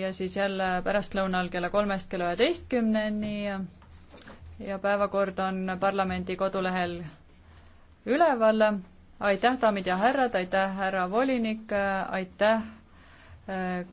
ja siis jälle pärastlõunal kella kolmest kella üheteistkümneni ja päevakord on parlamendi kodulehel üleval. aitäh, daamid ja härrad, aitäh, härra volinik, aitäh äh,